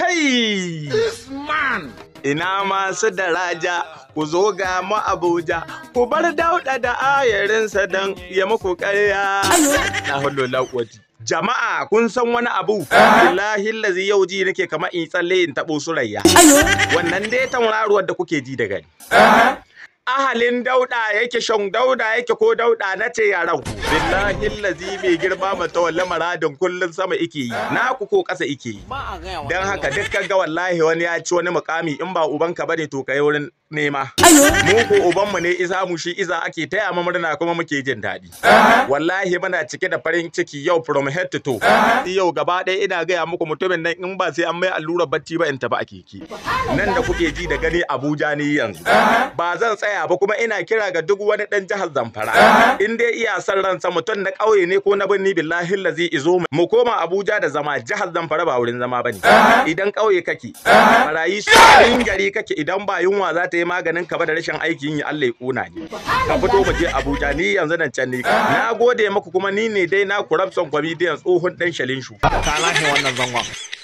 Kai! This Ina masu daraja, ku zo ga mu Abuja, ku bar dauda da ayarinsa don ya muku ƙarya. Na hullo laƙwaji. Jama'a kun san wani abu, eh. Allahin lazi yau ji nake kama in tsalle in taɓo surayya. Wannan dai tauraruwar da kuke ji da ni. ahalin dauda yake shan dauda yake ko dauda na ce yaran ku billahi lazi mai girma mata wallahi maradin kullun sama ike yi na ku ko kasa ike yi dan haka dukkan ga wallahi wani ya ci wani mukami in ba ubanka bane to kai wurin nema. Mu ko ubanmu ne isa mu shi isa ake taya mu murna kuma muke jin daɗi. Wallahi mana cike da farin ciki yau from head to toe. Yau gaba ɗaya ina gaya muku mutumin nan in ba sai an mai allurar bacci ba in tafi a keke. Nan da kuke ji da gani Abuja ne yanzu. Ba zan tsaya ba kuma ina kira ga duk wani ɗan jihar Zamfara. In dai iya son ransa mutum na ƙauye ne ko na birni billahi lazi izo mu koma Abuja da zama jihar Zamfara ba wurin zama bane. Idan ƙauye kake, barayi shi gari kake idan ba yunwa za ta sai maganin ka ba da rashin aikin yi Allah ya kuna ni ka fito mu je Abuja ni yanzu nan can ni na gode maku kuma ni ne dai na ku rabson tsohon dan shalin shu ta lahi wannan zangon